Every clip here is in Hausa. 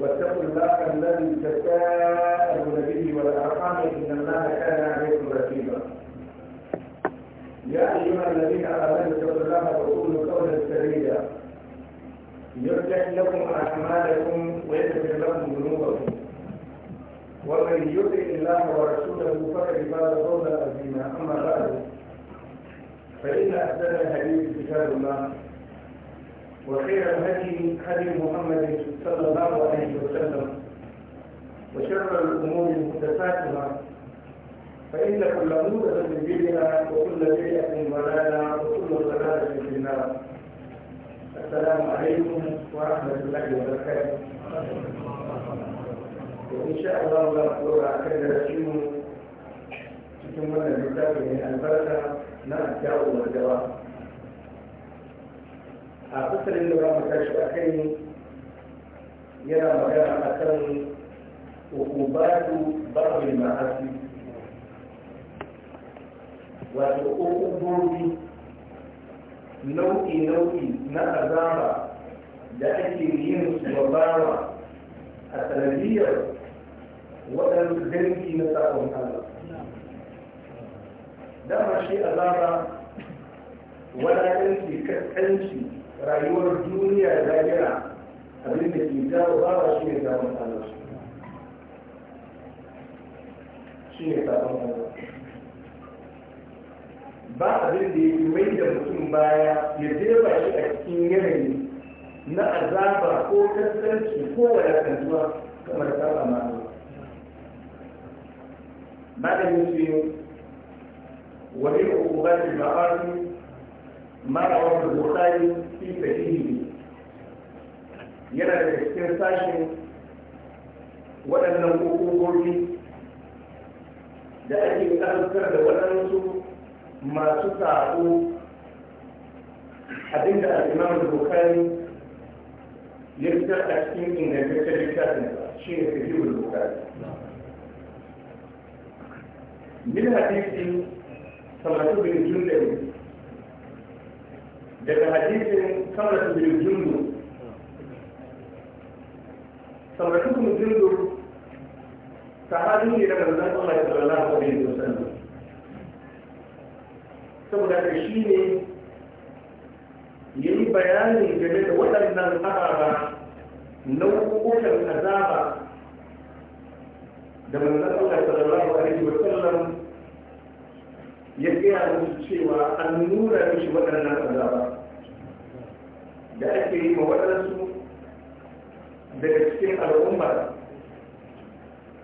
واتقوا الله الذي تساءلون به والارحام ان الله كان عليكم رقيبا يا ايها الذين امنوا اتقوا الله وقولوا قولا سديدا يرجع لكم اعمالكم ويكفر لكم ذنوبكم ومن يطع الله ورسوله فقد فاز فوزا عظيما اما بعد فان احسن الحديث كتاب الله وخير الهدي هدي محمد صلى الله عليه وسلم وشر الامور محدثاتها فان كل محدثه بدعه وكل بدعه ضلاله وكل ضلاله في النار السلام عليكم ورحمه الله وبركاته وان شاء الله لا نقول كذا رسيم cikin wannan littafi ne albarka a fasalin da ba mu tashi a kai yana magana a kan hukubatu babu ma'asi wato hukubobi nau'i-nau'i na azaba da ake yin su babawa a sanadiyar waɗansu dangi na sabon Allah. Dama shi azaba wadatanci kaskanci rayuwar duniya da zagira abin da ke jawo bawa shi ne zaman Allah shi ne sabon ba abin da ya mai da mutum baya ya jefa shi a cikin yanayi na azaba ko kasance ko kantuwa kamar saba ma ba da yin shi yi wani ƙoƙobar da ba. ما رواه البخاري في فقهه yana da cikin sashen waɗannan hukumomi da ake ƙarfar da waɗansu masu sa'o abinda al'imam bukari ya fitar a cikin ingantaccen littafin shi ne sahihul bukari min hadisi samatu bin jundabi daga hadisin samratu bin jundu samratu bin jundu sahabi ne daga zan Allah ya sallallahu alaihi wasallam saboda da shi ne yayi bayani game da waɗannan araba nau'ukan azaba da manzon Allah sallallahu alaihi wasallam ya gaya musu cewa an nuna mishi waɗannan azaba da ake yi ma waɗansu daga cikin al'umma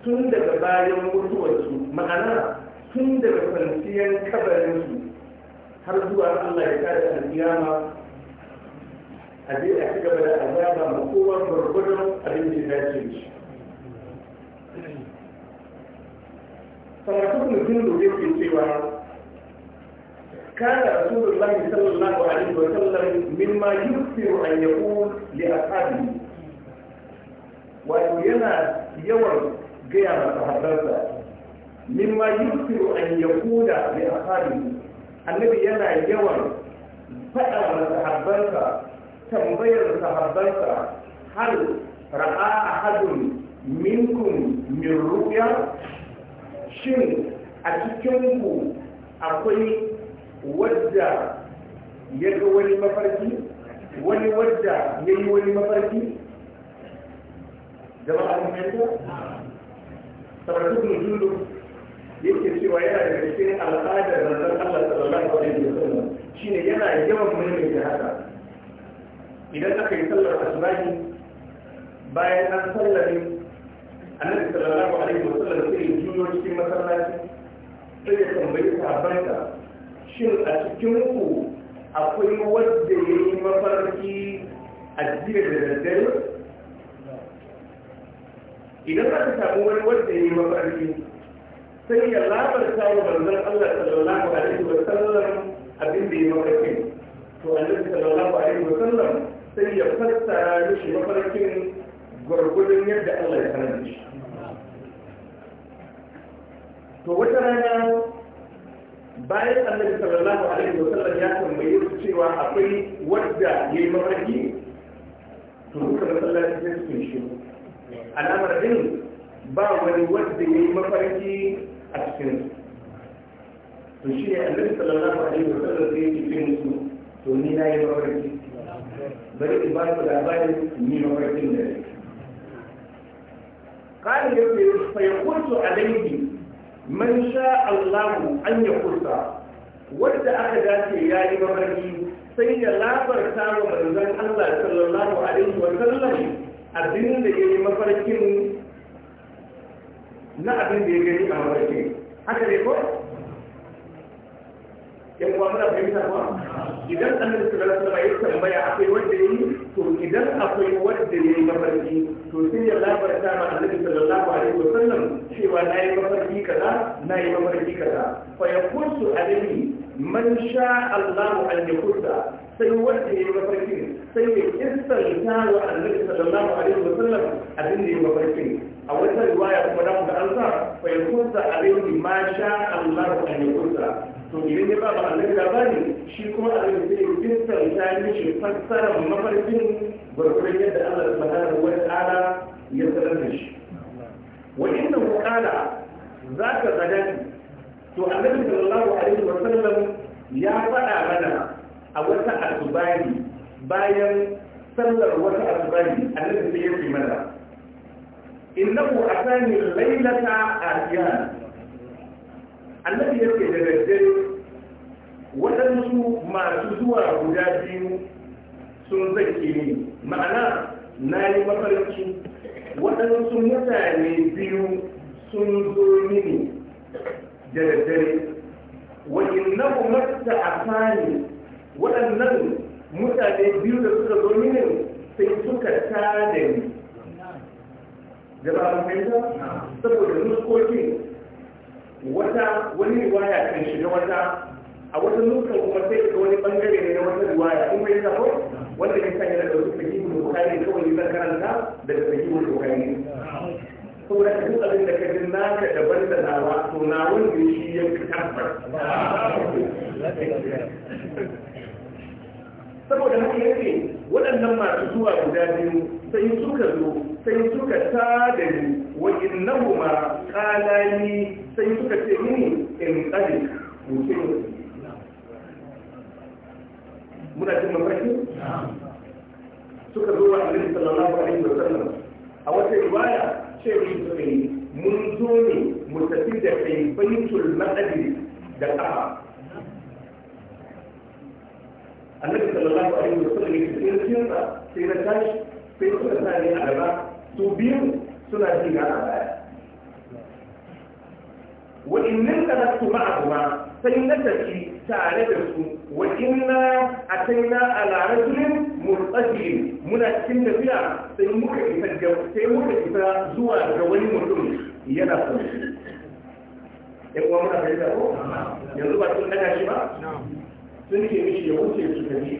tun daga bayan mutuwarsu ma'ana tun daga kwanciyar kabarinsu har zuwa Allah ya kare alƙiyama a je a ci gaba da azaba ma kowa gwargwadon abin da ya ce shi sanatun mutum da yake cewa كان رسول الله صلى الله عليه وسلم مما يكثر أن يقول لأصحابه وينا يوم قيامة صحابته مما يكثر أن يقول لأصحابه النبي ينا يوم فأمر صحابته تنبير صحابته هل رأى أحد منكم من رؤيا شن أتكنكم أقول wadda ya ga wani mafarki wani wadda ya yi wani mafarki da ba a mahimmanci saboda duk julu yake cewa yana da gaske cikin al'adar manzon Allah sallallahu alaihi wasallam shine yana yawan maimaita haka idan aka yi sallar asubahi bayan an sallame annabi sallallahu alaihi wasallam sai ya juyo cikin masallaci sai ya tambayi sahabbansa shin a cikin ku akwai wadda ya yi mafarki a jiya da daddare idan aka samu wani wadda ya yi mafarki sai ya labarta wa banzan Allah sallallahu alaihi wa sallam abin da ya mafarki, to annabi sallallahu alaihi wa sallam sai ya fassara mishi mafarkin gwargwadon yadda Allah ya sanar da shi to wata rana bayan annabi sallallahu alaihi wa sallam ya tambaye su cewa akwai wadda ya yi mafarki to suka masallaci sai su shi alamar din ba wani wadda ya yi mafarki a cikin to shi ne annabi sallallahu alaihi wa sallam sai ya ce musu to ni na yi mafarki bari in ba ku labarin ni mafarkin da ne قال يقول فيقول alaihi man sha Allahu an ya kusa wanda aka dace ya yi mafarki sai ya labarta wa manzon Allah sallallahu alaihi wa sallam abin da ya yi mafarkin na abin da ya gani a mafarkin haka ne ko yan kuma muna fahimta ba idan da sallallahu alaihi wasallam ya tambaya akwai wanda ya yi to idan akwai wanda ya yi mafarki to sai ya labarta ma annabi sallallahu alaihi wasallam cewa yi mafarki kaza yi mafarki kaza fa yaqutu alaihi man sha Allah an yakuta sai wanda yi mafarki sai ya kissanta wa annabi sallallahu alaihi wasallam abin da ya yi mafarki a wata riwaya kuma da mu ga an sa fa yakuta alaihi ma sha Allah an yakuta to ne ya ba ba annabi labari shi kuma annabi zai jinta ta yi mishi fassara mafarkin gwargwaron yadda Allah ta subhanahu wa ta'ala ya sanar da shi wa inna qala zaka gadani to annabi sallallahu alaihi wa sallam ya faɗa mana a wata asubani bayan sallar wata asubani annabi sai ya ce mana innahu atani laylata ahyan annabi ya ce da daddare waɗansu masu zuwa guda biyu sun zake ni ma'ana na yi mafarki waɗansu mutane biyu sun zo mini da daddare wajen na umarta a fani waɗannan mutane biyu da suka zo mini sai suka tada ni da ba a saboda nuskokin wata wani riwaya kan shiga wata a wata nuka kuma sai ka wani bangare ne na wata riwaya in bai zafo wanda ya sanya da wasu da bukari kawai zan karanta daga sahihul bukhari saboda ka duk abin da ka ji naka daban da nawa to nawon ne shi ya fi tabbar saboda haka yake waɗannan masu zuwa guda biyu sai suka zo sai suka tada ni wa innahuma qalani sai suka ce mini in qali mutum muna jin mafarki suka zo wa annabi sallallahu alaihi nan, a wata riwaya ce mun suka yi mun zo ne mu tafi da kai baitul maqdis da ƙafa. annabi sallallahu alaihi wa sallam ya ce sai sa sai na tashi sai suka sa ni a gaba su biyu suna ji na a baya wa innin qalastu ma'ahuma sai na tafi tare da su wa inna ataina ala rajulin murtajin muna cikin tafiya sai muka isa sai muka isa zuwa ga wani mutum yana son ya kuma muna fahimta ko yanzu ba sun daga shi ba sun ke mishi ya wuce su tafi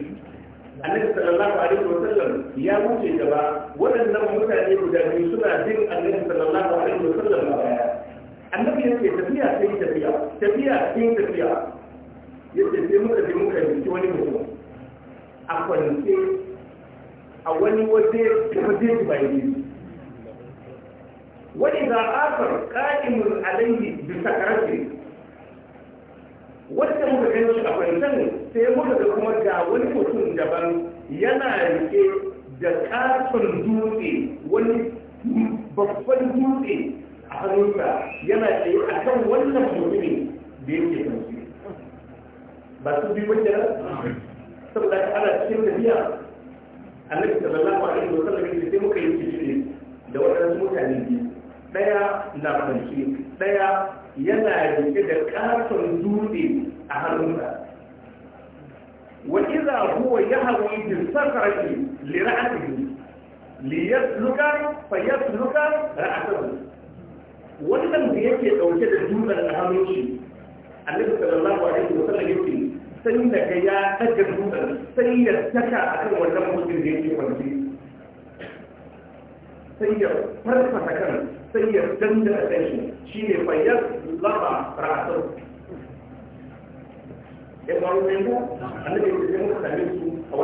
annabi sallallahu alaihi wa ya wuce gaba waɗannan mutane guda biyu suna bin annabi sallallahu alaihi wa sallam a baya annabi ce tafiya sai tafiya tafiya sai tafiya yadda sai muka je muka biki wani mutum a kwance a wani waje da waje bai yi wani za a far ƙa'imun alaihi bisa karfe wanda muka gani shi a kwanton sai muka ga kuma ga wani mutum daban yana rike da katon dutse wani babban dutse a hannunsa yana tsaye a kan wannan mutumin da yake kan shi ba su bi wajen saboda ana cikin tafiya annabi sallallahu alaihi wa sallam yake sai muka yi cikin da waɗansu mutane biyu ɗaya na kwanci ɗaya yana rike da ƙarfin dutse a hannunsa Wani iza huwa yahwi bi sakrati li ra'atihi liyar yasluka fa wannan da yake ɗauke da dutsen a hannun shi annabi sallallahu alaihi yake sai da ya dutsen sai ya wannan mutum da yake kwanci sai ya farfasa kansa sai ya a da shi shi ne fayyar laba ratar ya faru ne mu annabi ya ce muka same su a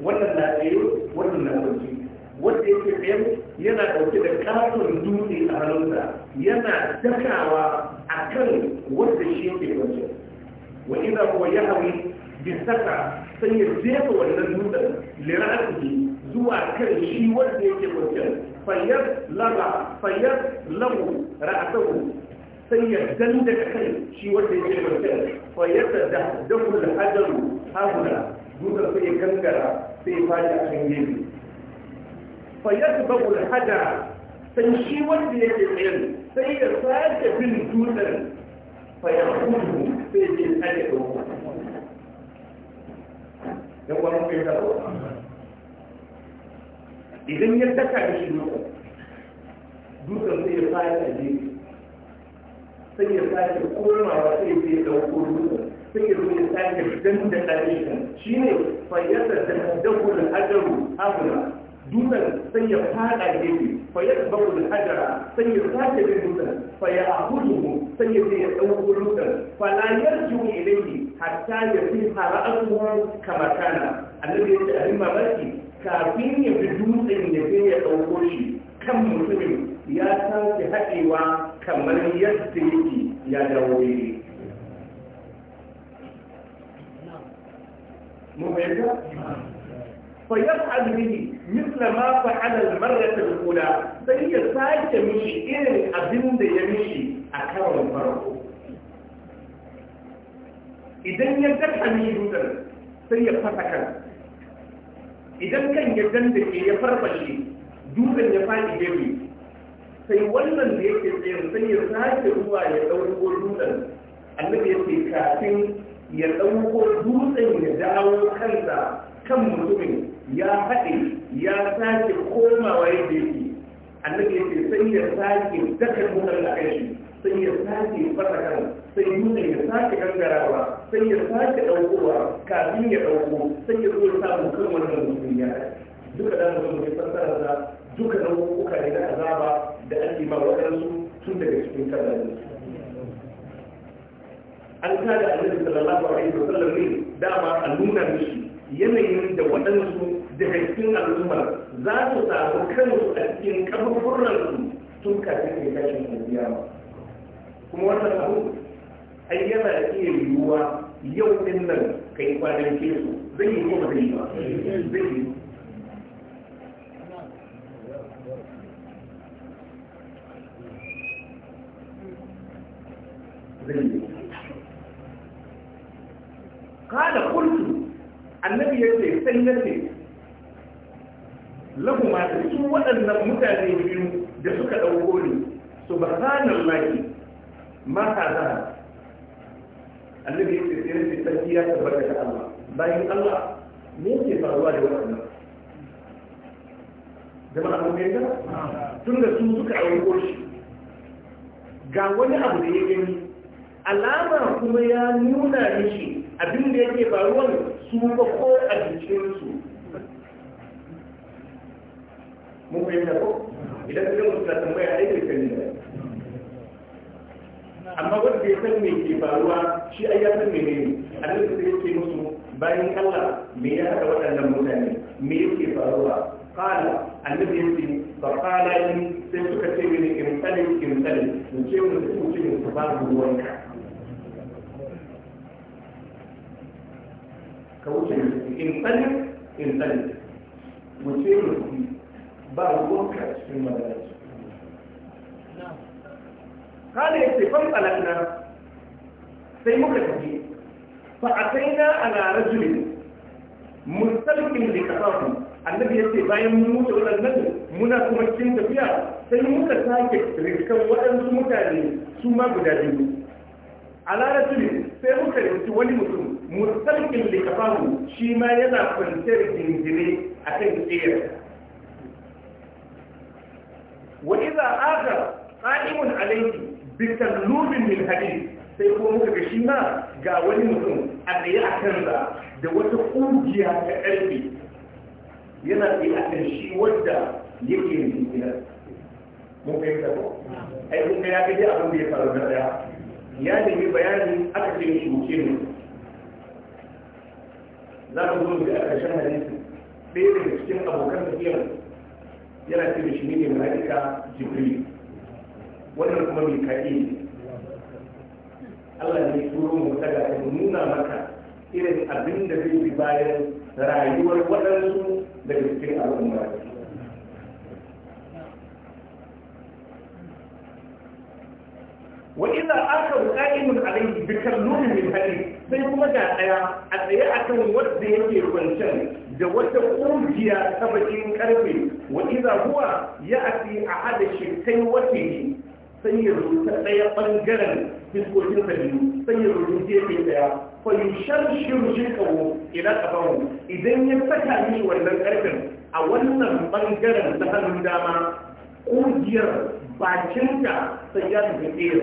wannan yanayi wannan na ɗaya wannan na ɗauki wanda yake tsaye yana dauke da katon dutse a hannunsa yana dakawa a kan wanda shi yake wanci wa idan kuwa ya hawi bisaka sai ya jefa wannan dutsen lira'atu zuwa kan shi wanda yake wancan fayyar lamu ra'atahu sai ya ganda kai shi wanda yake da mutum fayyada da dakul hajaru hagula dukkan sai ya gangara sai ya fadi a kan da fayyadlagu hada sai shi wanda yake tsayin sai ya sake bin dutsen fayyadlagu sai ya sake dauka yan wani kai da idan ya daka da shi duka dukan sai ya fara a jini sai ya da komawa sai ya dauko dukan sai ya zo ya sake dan da ɗarishin shi ne fayyarsa da dakul ajaru abuna dutsen sai ya fada gefe fayyar da hajara sai ya sake bin dutsen faya a hudu sai ya je ya ɗauko dutsen falayar jiwu ilaihi hatta ya fi fara hara'atuwa kamar kana annabi ya ce abin barci. kafin ya fi dutsen da fi ya ɗauko shi kan mutumin ya sake haɗewa kamar yadda yake ya dawo ne mu bayyana fa yaf'al bihi mithla ma fa'ala al-marrata sai ya sake mishi irin abin da ya mishi a karon farko idan ya ni hamidu sai ya fasa kansa idan kan ya danda ke ya farfashe dukan ya faɗi gefe sai wannan da yake tsaye sai ya sake ruwa ya ɗauko dutsen annabi ya ce kafin ya ɗauko dutsen ya dawo kansa kan mutumin ya haɗe ya sake komawa yadda yake annabi ya ce sai ya sake dakar mutum da kai sai ya sake fara kansa sai nuna ya sake gangarawa sai ya sake ɗaukowa kafin ya ɗauko sai ya zo ya samu kan wannan mutum ya duka da mutum ya fassara da duka nau'uka ne da azaba da ake ma waɗansu tun daga cikin kabarin an kada annabi sallallahu alaihi wa sallam ne dama a nuna mishi yanayin da waɗansu daga cikin al'ummar za su samu kansu a cikin kaburburansu tun kafin ya kashe kuma wannan abu ai yana iya yiwuwa yau din nan ka yi kwanan kesu zai yi kuma zai yi ba zai yi kada kultu annabi ya ce sai ya ce lahu ma da su waɗannan mutane biyu da suka ɗauko ni subhanallahi ma zara annabi ya ce sai da sarki ya tabbata da Allah bayan Allah me yake faruwa da wannan jama'a mun ga tun da su suka aiko shi ga wani abu da ya gani alama kuma ya nuna mishi abin da yake faruwa su ba ko a jikinsu mun fahimta ko idan ka ga mutum na tambaya a ɗaya da amma wanda ya san me ke faruwa shi ai ya san a ne annabi sai yake musu bayan Allah me ya haɗa waɗannan mutane me yake faruwa qala annabi yake fa qala in sai suka ce mini in tsale in tsale mu ce mu su ce mu ba mu ruwanka ka wuce in tsale in tsale mu ce mu ba ruwanka cikin magana قال يتفن ألقنا سي تجي فأتينا على رجل مستلق لكتاب النبي يتي باين موت ولا النبي منا كمشين كنت سي سيمك ساكت وأن سمتاني سما قدادي على رجل سي رزق ولمسلم مسلم مستلق shi ma yana kwanciyar jinjire a kan tsere wa iza aka ƙa'imun bisan nubin min hadis sai kuma muka ga shi ma ga wani mutum a tsaye a kansa da wata ƙungiya ta ƙarfi yana tsaye a kan shi wadda yake yin jikinar mun kai ta ko ai kun ya gaji abin da ya faru na daya ya nemi bayani aka ce shi wuce ne za ka zo da ƙarshen hadisi ɗaya daga cikin abokan tafiyar yana ce da shi ne mala'ika jibril wannan kuma ne. Allah ne turo mu ta ga nuna maka irin abin da zai bi bayan rayuwar waɗansu daga cikin al'umma wa aka akahu qa'imun alayhi bi kallumi sai kuma ga ɗaya a tsaye akan wanda yake kwancen da wata ƙungiya ta bakin karfe wa idza huwa ya'ti ahad shirkai watihi sai ya rubuta ɗaya ɓangaren fiskokin sa biyu sai ya rubuta gefe ɗaya fa yushar shirjin kawo idan ka bawo idan ya saka ni wannan ƙarfin a wannan ɓangaren ta hannun dama ƙungiyar bakinta sai ya tafi ɗaya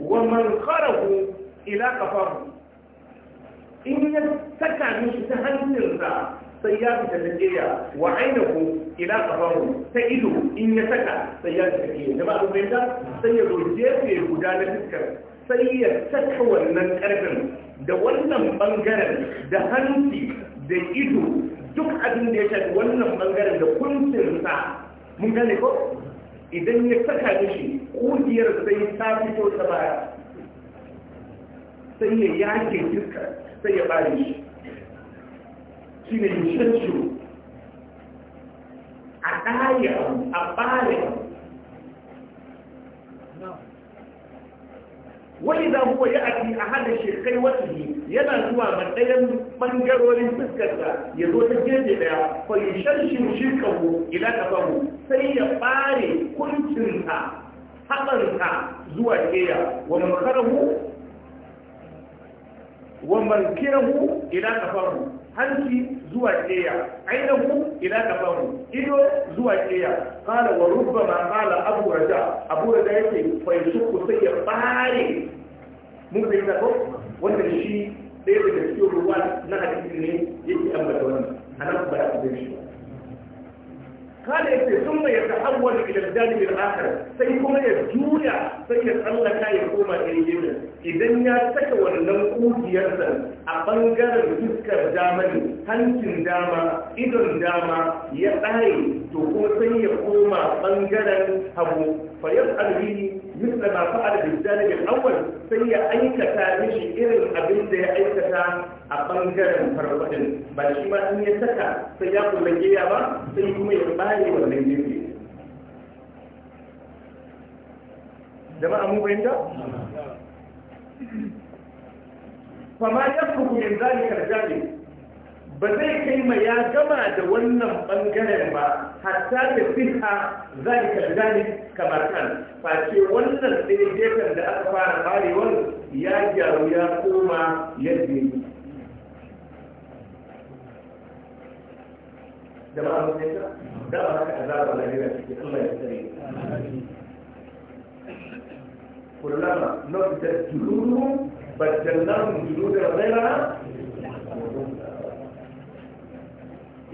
wa man kharahu ila kafahu in ya saka mishi ta hancinsa sai ya fita Najeriya wa ainihu ila qabaru ta ido in ya saka sai ya fita jama'a kun fahimta sai ya zo ya guda na fiskar sai ya saka wannan karfin da wannan bangaren da hanci da ido duk abin da ya shafi wannan bangaren da sa. mun gane ko idan ya saka shi, kugiyar sai ta fito ta baya sai ya yake fiskar sai ya bare shi shi ne yushashu a ɗaya a ɓare wani za ya aki a hada shekai wata yana zuwa matsayin ɓangarorin fuskarsa ya zo ta gefe daya fahimshar shi shi kawo ila kafahu sai ya ɓare kuncinsa haɓarsa zuwa keya wa makarahu wa makirahu ila kafahu hanci zuwa keya ainihu ila kafamu ido zuwa keya kala wa rubbama kala abu raja abu raja yake faisuku sai ya bare mun bai da ko wanda shi dai daga cikin ruwa na hadisi ne yake ambata wannan anan ba a da shi kala yake sun mai tahawwal ila al al-akhir sai kuma ya juya sakin Allah ka ya koma ɗin idan ya saka wannan ƙugiyar a ɓangaren fuskar damar hankin dama idon dama ya tsaye to ko sai ya koma ɓangaren hagu fa yau alhini misali ba fa'ar da zane da sai ya aikata mishi irin abin da ya aikata a ɓangaren farfaɗin ba shi ma in ya saka sai ya kula geya ba sai kuma ya ɓaye wannan gefe jama'a mu fahimta fama ya fuku min zalikar jami ba zai kai ma ya gama da wannan bangaren ba hatta da fiha zalika jami kamar kan face wannan ɗaya da aka fara barewar ya gyaru ya koma yadda yi da كلما نضجت جلودهم بدلناهم جلودا غيرها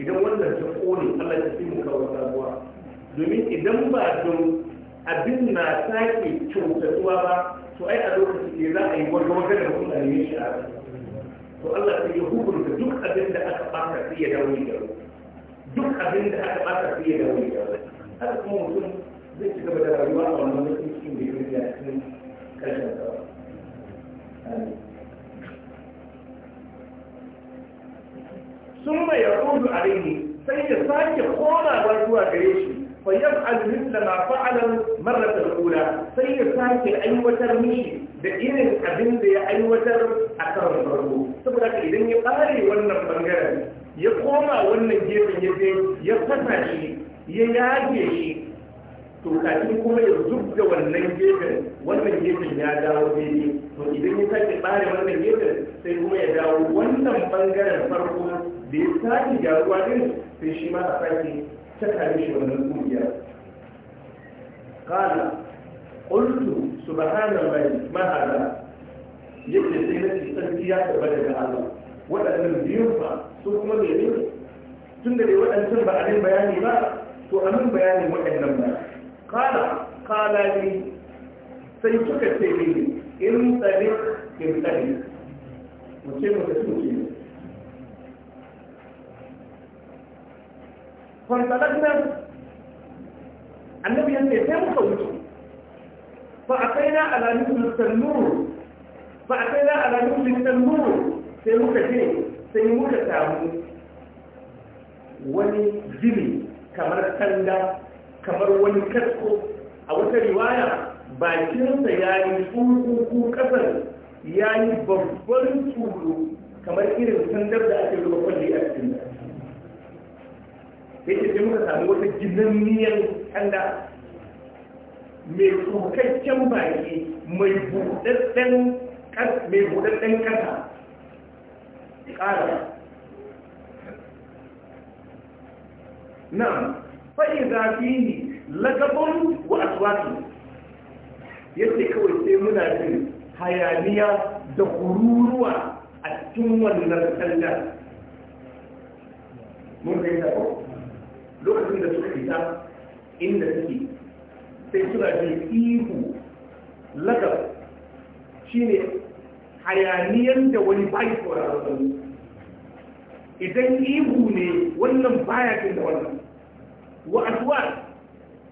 idan wannan ta kone Allah ya fi muka wa sabuwa domin idan ba don abin na sake kyautatuwa ba to ai a lokaci ne za a yi wani wata da mutum a yi shi a to Allah sai ya hukunta duk abin da aka baka sai ya dawo da duk abin da aka baka sai ya dawo da haka kuma mutum zai ci gaba da rayuwa a wannan lokacin da ya fi cikin kashin sa sun mai yahudu a rini sai ya sake komawa zuwa gare shi fayyar almin da na fa'alar marar kula sai ya sake aiwatar mishi da irin abin da ya aiwatar a karon farko saboda ka idan ya ɓare wannan bangaren ya koma wannan gefen ya je ya fasa shi ya yage shi to kafin kuma ya zubda wannan gefen wannan gefen ya dawo daidai to idan ya sake bare wannan gefen sai kuma ya dawo wannan bangaren farko da ya sake gyaruwa din sai shi ma a sake caka shi wannan kungiya su ba hana mai mahala yake sai na ci tsarki ya taba daga Allah waɗannan biyun ba su kuma ne tun da dai waɗancan ba a bayani ba to a nan bayanin waɗannan ba kala kala ne sai suka ce ne in tsari in tsari mace mace su ke kwantalar nan annabi yace sai muka wuce fa akai na alamin tannur fa akai na alamin tannur sai muka ce sai muka samu wani jini kamar sanda kamar wani kasko a wata riwaya bakinsa ya yi tsukuku kasar ya yi babban tsoro kamar irin sandar da ake ruwa kwalli a cikin da ya ce muka samu wata miyan kanda mai tsokakken baki mai buɗaɗɗen mai buɗaɗɗen kasa ƙara na'am fa'iza fi fihi lagabun wa aswatu yace kawai sai muna jin hayaniya da kururuwa a cikin wannan sallar mun kai da lokacin da suka fita inda suke sai suna jin ihu lagab ne hayaniyan da wani bai sauraron idan ihu ne wannan baya jin da wannan wa aswar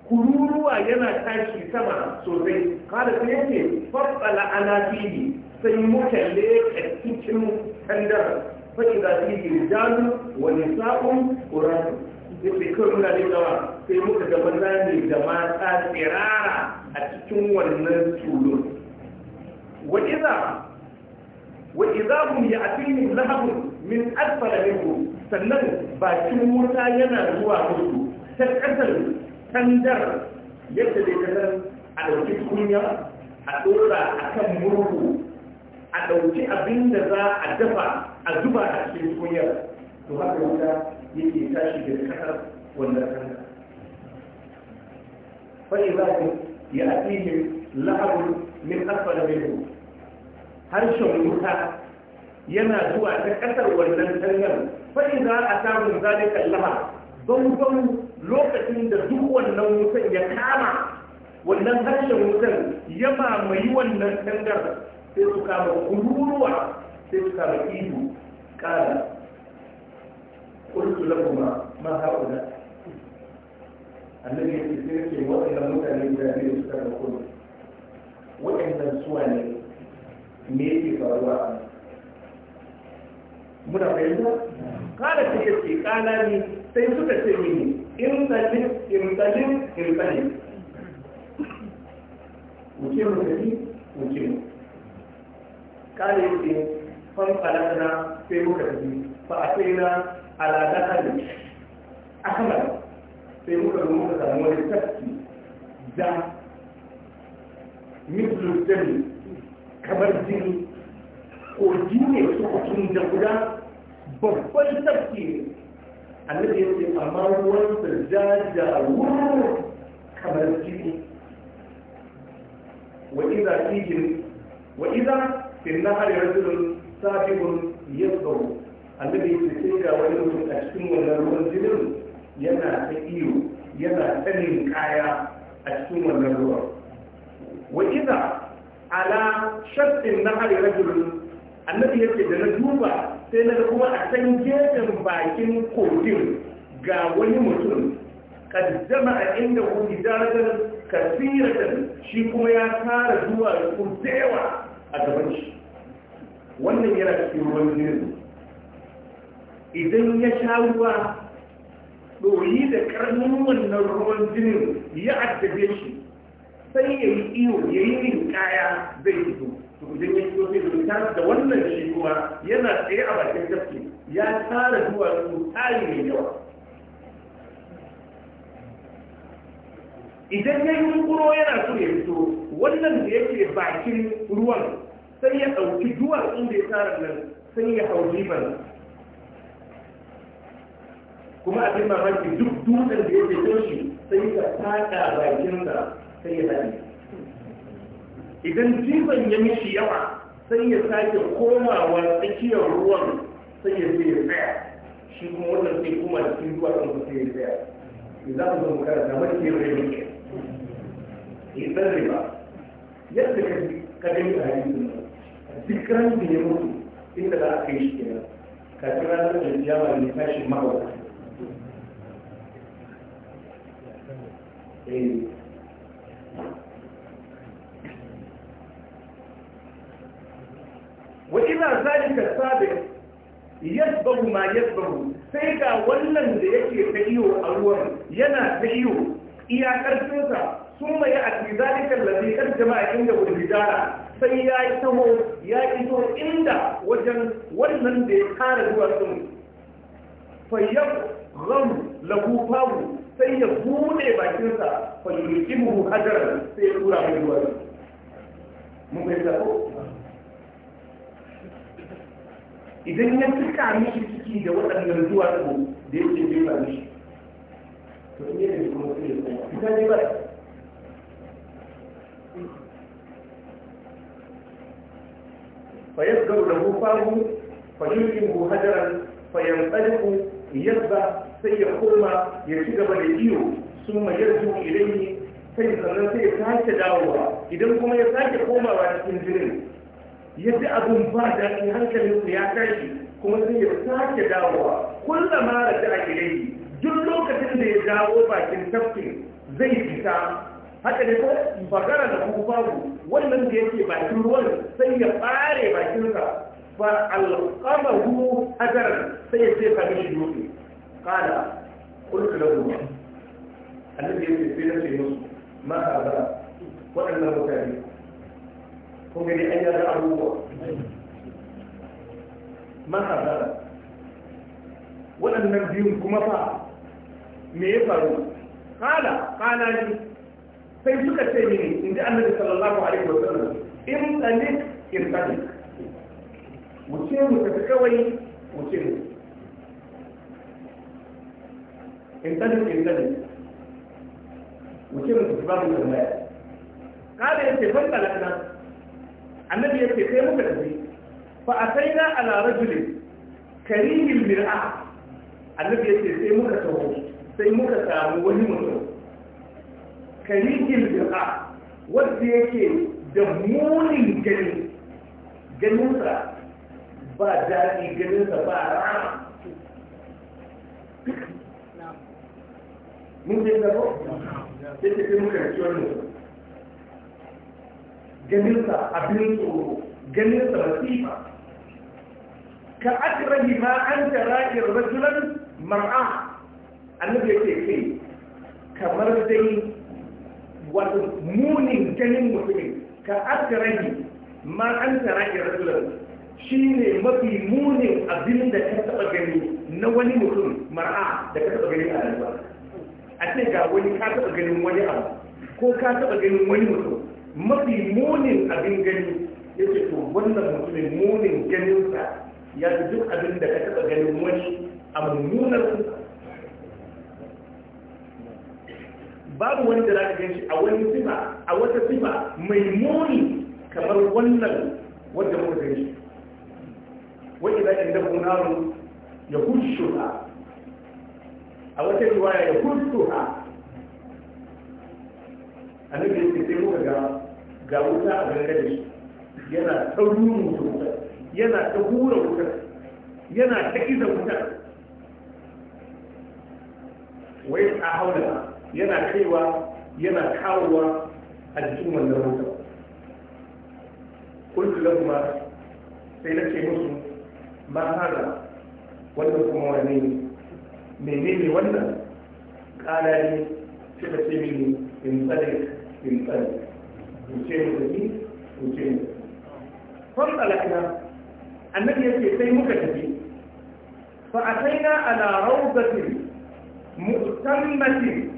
kururuwa yana tashi sama sosai kada sai yake fassala ana fili sai muka leka cikin kandar fa idza fihi jalu wa nisa'un quratu yace kai muna ne gawa sai muka ga maza ne da mata tsirara a cikin wannan tulun wa idza wa idza hum ya'tini lahabun min asfala minhu sannan bakin wuta yana zuwa musu ta ƙasar sandar yadda zai kasar a ɗauki kunya a ɗora a kan murhu a ɗauki abin da za a dafa a zuba a cikin kunya to haka wuta yake tashi da ƙasar wanda kan fa'i za ku ya atihim la'arun min asfala mai harshen wuta yana zuwa ta ƙasar wannan tangar fa'i za a samun zalika lahar bangon lokacin da duk wannan wutan ya kama wannan harshen wutan ya mamayi wannan tangar sai su kama kururuwa sai su kama ido kada kulkula kuma ma haula annabi ya ce sai ce waɗannan mutane ne biyu suka da kuma waɗannan suwa ne me yake faruwa a muna fahimta kada ce ce kala ne sai suka ce mini imtalin imtalin imtalin wuce mu tafi wuce mu kare yake fan falakana sai muka tafi fa a sai na alaƙa ne akamar sai muka zo muka samu wani tafki da mislu jami kamar jini ko jini su kutum da guda babban tafki ne annabi ya ce amma ruwansa ruwa kamar jini wa iza tijin wa iza fin nahari rajulun sabibun yasbahu annabi ya sai ga wani mutum a cikin wannan ruwan jinin yana ta iyo yana tsanin kaya a cikin wannan ruwan wa iza ala shafin nahari rajulun annabi ya ce da na duba sai na kuma a san gefen bakin kogin ga wani mutum kaddama a inda kudi darajar kasiratan shi kuma ya tara zuwa kudewa a gaban shi wannan yana cikin wani jirgin idan ya sha ruwa ɗoyi da ƙarnin wannan ruwan jinin ya addabe shi sai ya yi iyo ya yi ninkaya zai fito to idan ya fito sai domin da wannan shi kuma yana tsaye a bakin tafki ya tara duwatsu tsari mai yawa idan ya yi kuro yana so ya fito wannan da yake bakin ruwan sai ya ɗauki duwatsun da ya tara nan sai ya hau riban kuma abin mamaki duk dutsen da yake toshe sai ya faɗa bakinsa sai ya zaɓi idan jifan ya mishi yawa sai ya sake komawa tsakiyar ruwan sai ya sai ya tsaya shi kuma wannan sai kuma cikin zuwa sun sai ya tsaya idan ku zama kara da mace rai ne tsarri eh, ba. yadda ka ka gani a hadisin duk ran da ya mutu inda za a kai shi kenan kafin ranar da jama ne tashin mawaka waina ذلك السابق يسبه ما يسبه sai ga wannan da yake ta iyo a ruwan yana ta iyo iyakar ƙarfinsa sun mai a tizalikan lafikar jama'a inda wulbidara sai ya yi taho ya iso inda wajen wannan da ya kara duwatsun fayyar ram lagu sai ya buɗe bakinsa fayyar ibu hadara sai ya tura mai duwatsun mun idan ya cika mishi ciki da waɗannan zuwa ɗago da ya ce bai ba mishi to in yadda kuma sai ya koma fita ne ba فيصدر له ya فيلقمه هجرا فينطلق يذبح سيقوم يشجب لديه ثم يرجو إليه sai sannan sai ya sake dawowa idan kuma ya sake komawa cikin jirin Yadda abin ba hankalin su ya tashi kuma sai ya sake dawowa kulla mara da gidai duk lokacin da ya dawo bakin tafkin zai fita haka ne ko bagara da kuma babu wannan da yake bakin ruwan sai ya bare bakinsa fa alqamahu hajaran sai ya ce ka mishi dutse kada kullu lahu annabi yake sai ya ce musu ma ba waɗannan mutane kun gani an yada abubuwa mahazara waɗannan biyun kuma fa me ya faru kala kala ne sai suka ce mini in ji annabi sallallahu alaihi wa sallam in tsalik in tsalik wuce mu tafi kawai wuce mu in tsalik in tsalik wuce mu tafi babu tambaya kala ya ce ban tsalak annabi ya ce sai muka tafi fa ataina ala rajulin karimil mir'a annabi ya ce sai muka taho sai muka samu wani mutum karimil mir'a wanda yake da munin gani ganinsa ba daɗi ganinsa ba rama mun da zaba? sai ta fi muka ci mutum ganinsa abin tsoro ganinsa masifa ka akirahi ma an tara irrajulan mar'a annabi yake ce kamar dai wato munin ganin mutumin ka akirahi ma an tara irrajulan shi ne mafi munin abin da ka taɓa gani na wani mutum mar'a da ka taɓa gani a rayuwa a ce ga wani ka taɓa ganin wani abu ko ka taɓa ganin wani mutum mafi munin abin gani ya ce to wannan mutumin munin ganinsa ya fi duk abin da ka taɓa ganin wani a mummunar babu wani da zaka gan shi a wani sifa a wata sifa mai muni kamar wannan wanda muka gan shi wani za inda kunarun ya hushu a wata riwaya ya hushu annabi ya ce sai muka ga ga wuta a gangare shi yana ta rumu wuta yana ta hura wuta yana ta iza wuta wai a haula yana kaiwa yana kawowa a jikin wannan wuta kullu lahum sai na ce musu ma wannan kuma wani ne menene wannan kala ne suka ce mini in tsare بالقلب وشيء جديد وشيء فانطلقنا النبي يقول سي مكتبي فأتينا على روضة مؤتمة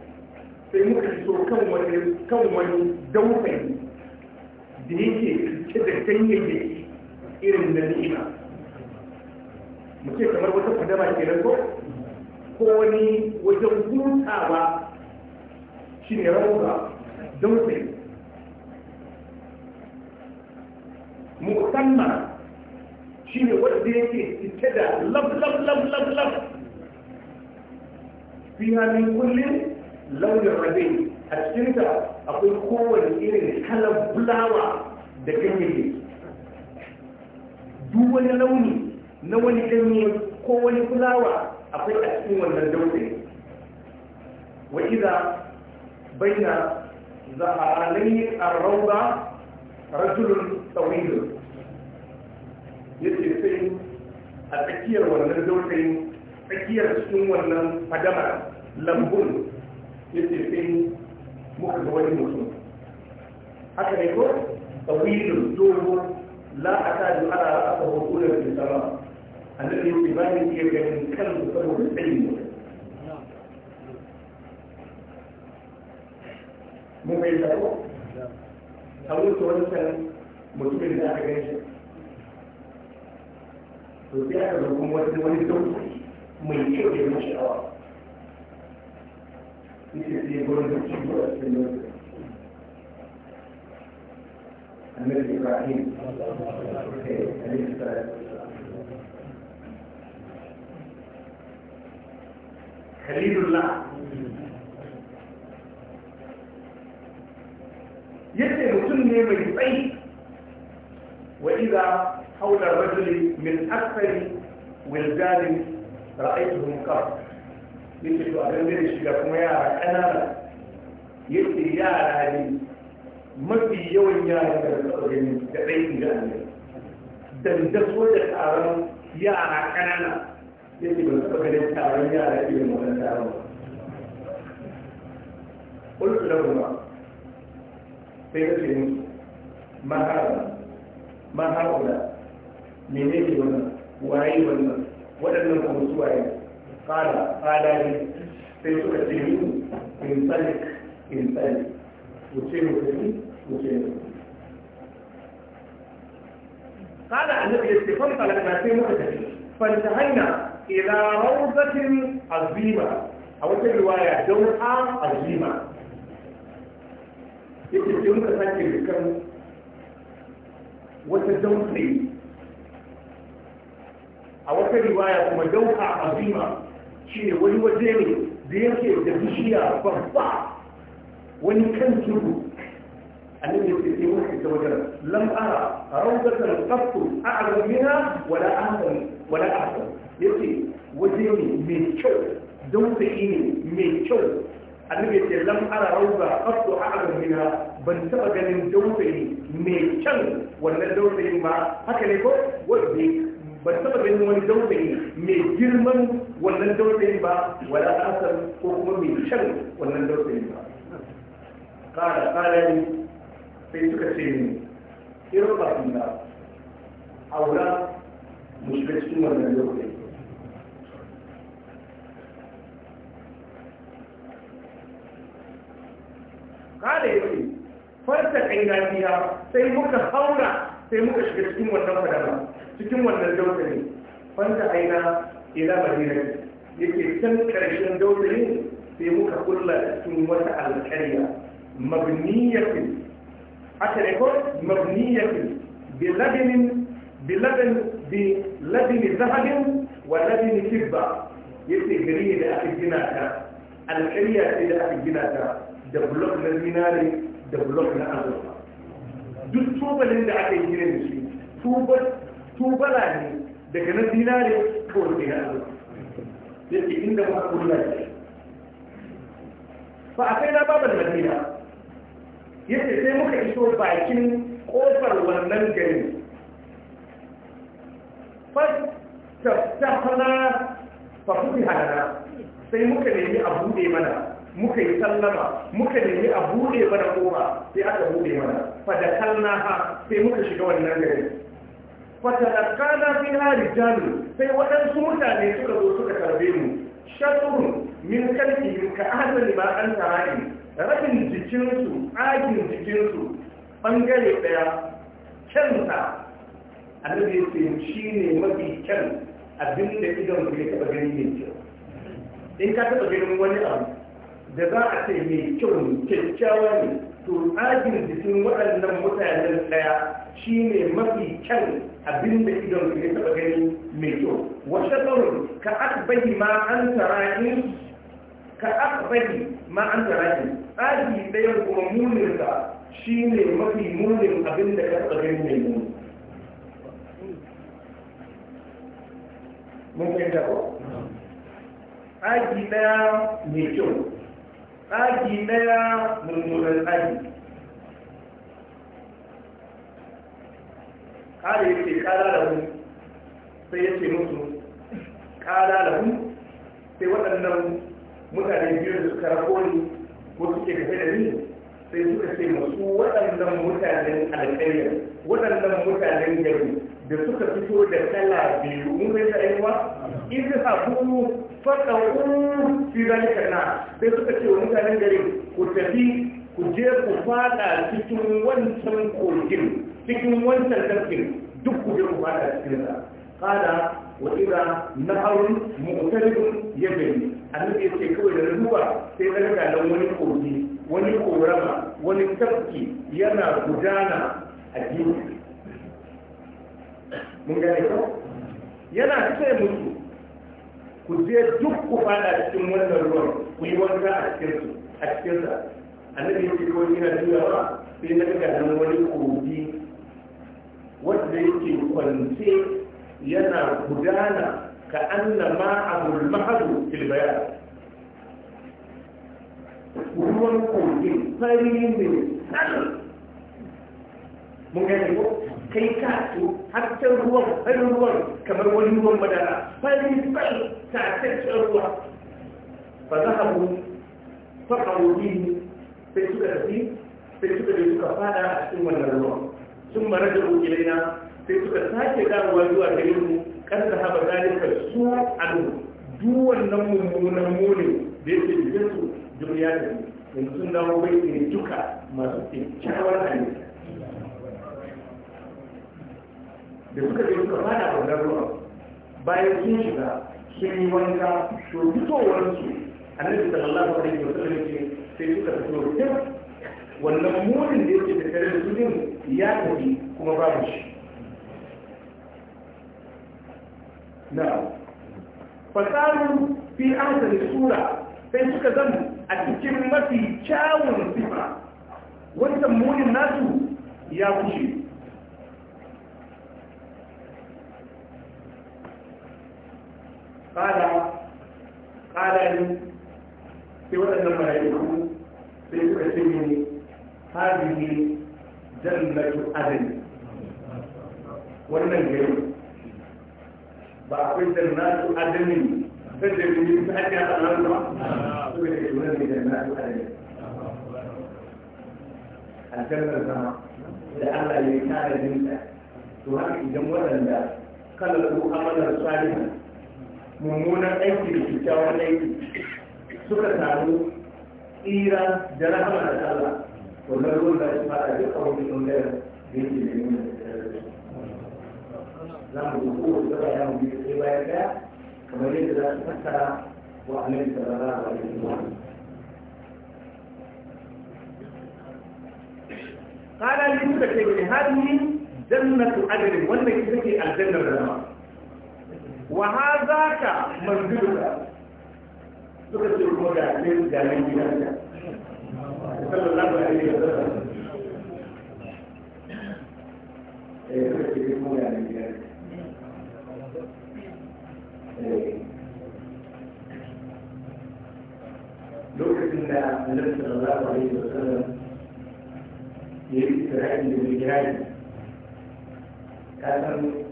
sai muka so kan wani kan wani daukai da yake cike da ganyayyaki irin na ni'ima muke kamar wata fadama ke nan ko ko wani wajen hutawa shi ne rahoba dutse musamman shi ne wanda yake cike da lab lab lab lab lab kullum launin rabe a cikinta akwai kowane irin kalan bulawa da ganyayyaki duk wani launi na wani ganye ko wani bulawa akwai a cikin wannan daure wa iza bayyana ظهر لي الروضة رجل طويل yace sai a tsakiyar wannan dausayin tsakiyar cikin wannan fadamar lambun yace sai muka ga mutum haka ne ko tawilun dogo la atadu ala ra'sa wa qulu bi sama annabi saboda tsayin mun bai da ko a da aka shi to sai aka zo wani wani dauki mai kyau da mai sha'awa yake sai gurin da cikin ibrahim yake mutum ne mai tsayi wa idza hawla rajuli min akthari wildan ra'aytuhum qab yake to abin da shiga kuma yara kanana yake yara ne mafi yawan yara da suka gani da tsayin da ne dandaso da taron yara kanana yake ba suka gani taron yara irin wannan taron قلت لهما sai ka ce musu mahara mahara mene ne wannan waye wannan waɗannan kuma su waye kala kala ne sai suka ce musu in tsalik in tsalik wuce mu tafi wuce mu قال النبي يستفن فلما في مكتب فانتهينا إلى روضة عظيمة أو رواية جمعة عظيمة yake sai muka sake rikan wata dausayi a wata riwaya kuma dauka azima shine wani waje ne da yake da bishiya babba wani kan tudu annabi ya ce muka ta wajen Lam'ara, ara rawdatan qattu a'lam minha wala ahsan wala ahsan yace waje ne mai kyau dausayi ne mai kyau annabi ce lam ara rauza qattu a'lam minha ban taba ganin dausayi mai kyan wannan dausayin ba haka ne ko wanda ban taba ganin wani dausayi mai girman wannan dausayin ba wala asar ko kuma mai kyan wannan dausayin ba kada kada ne sai suka ce ni irba sunna aura mu shiga wannan dausayi kada ya ce farta ƙangafiya sai muka haura sai muka shiga cikin wannan fadama cikin wannan dautari fanta aina ila madina yake can ƙarshen dautari sai muka kulla cikin wata alƙarya mabniyatin aka ne ko mabniyatin biladinin biladin biladin zahabin wa ladin kibba yake gari ne da aka gina ta alƙarya ce da aka gina ta da blok na zinare da blok na azurfa duk tubalin da aka yi gina da shi tubala ne daga na zinare ko da na azurfa yake inda ku kulla shi ba a kai na babar madina yadda sai muka iso bakin kofar wannan gari fastafana fafuhi halana sai muka nemi a buɗe mana muka yi sallama muka nemi a bude mana koma sai aka bude mana fa da ha sai muka shiga wannan gari fa fi hali sai waɗansu mutane suka zo suka karbe mu shatrun min kalbihim ka ahsan ma an tarani rabin jikinsu agin jikinsu bangare daya Kyanta annabi ya ce shine mafi kyan abinda da idan ku ya taɓa gani mai kyau in ka taɓa ganin wani abu da za a ce mai kyau ne kyakkyawa ne to tsagin jikin waɗannan mutanen ɗaya shi ne mafi kyan abin da idon su ya taɓa gani mai kyau wasu tsarin ka akbahi ma an tarahi ka akbahi ma an tarahi tsagi ɗayan kuma muninsa shi ne mafi munin abin da ka taɓa gani mai muni mun fahimta ko tsagi ɗaya mai kyau tsagi ɗaya mummunan tsagi kare ya ce kara da hun sai ya ce musu kara da hun sai waɗannan mutane biyu da suka rako ni ko suke kafe da ni sai suka ce masu waɗannan mutanen alƙayyar waɗannan mutanen gari da suka fito da kala biyu mun kai ta aiwa in ka sabu faɗaƙu fi zalika na sai suka ce wa mutanen garin ku tafi ku je ku fada cikin wancan kogin cikin wancan tafkin duk ku je ku fada cikin sa kada wa ila na'arun mu'taribun yabin annabi ce kawai da ruwa sai da ga dan wani kogi wani korama wani tafki yana gudana a gefe mun gane ko yana ce ku je duk ku fada cikin wannan ruwan ku yi wanka a cikin a cikin annabi yake ko ina juyawa sai na ga nan wani kogi wanda yake kwance yana gudana ka annama abul mahadu fil bayan ruwan kogin fari ne mun gani ko kai ka to ta ruwan har ruwan kamar wani ruwan madara ta ta ta ruwa fa zahabu fa qawdihi sai suka tafi sai suka je suka fada a cikin wannan ruwan sun marajabu ilaina sai suka sake dawowa zuwa gare mu kan sahaba zalika su anu duk wannan mummunan munin da yake jikin su duniya da yanzu sun dawo bai ne duka masu kyakkyawar halitta da suka je suka fada da ruwan bayan sun shiga sun yi wanka to fitowarsu annabi sallallahu alaihi wasallam ce sai suka fito da wannan murin da yake tattare da su din ya tafi kuma babu shi na'am fasalu fi amsal sura sai suka zama a cikin mafi kyawun sifa wannan murin nasu ya kushe Kada kada ni sai waɗannan mala'iku sai suka ce mini hadihi jannatu adani wannan gari ba akwai jannatu adani sai da yi ta ake a tsanar ba suka ce wannan jannatu adani aljannar zama da Allah ya yi kare jinta to haka idan waɗanda kalar ku amalar salihan mummunan aiki da kyakkyawan aiki suka samu tsira da rahama da Allah wannan ruwan da shi fara duk abin da ɗaukar da yake da yi za mu yi kowace gaba ya mu biyu sai bayan ɗaya kamar yadda za su wa قال لي سبحانه هذه جنة عدن الجنة wa hazaka masjiduka suka ce kuma ga ne ga ne gidanka sallallahu alaihi wa sallam eh suka ce kuma ga ne gidanka eh. lokacin da annabi sallallahu alaihi wa sallam ya yi tsirani da mai gadi ka san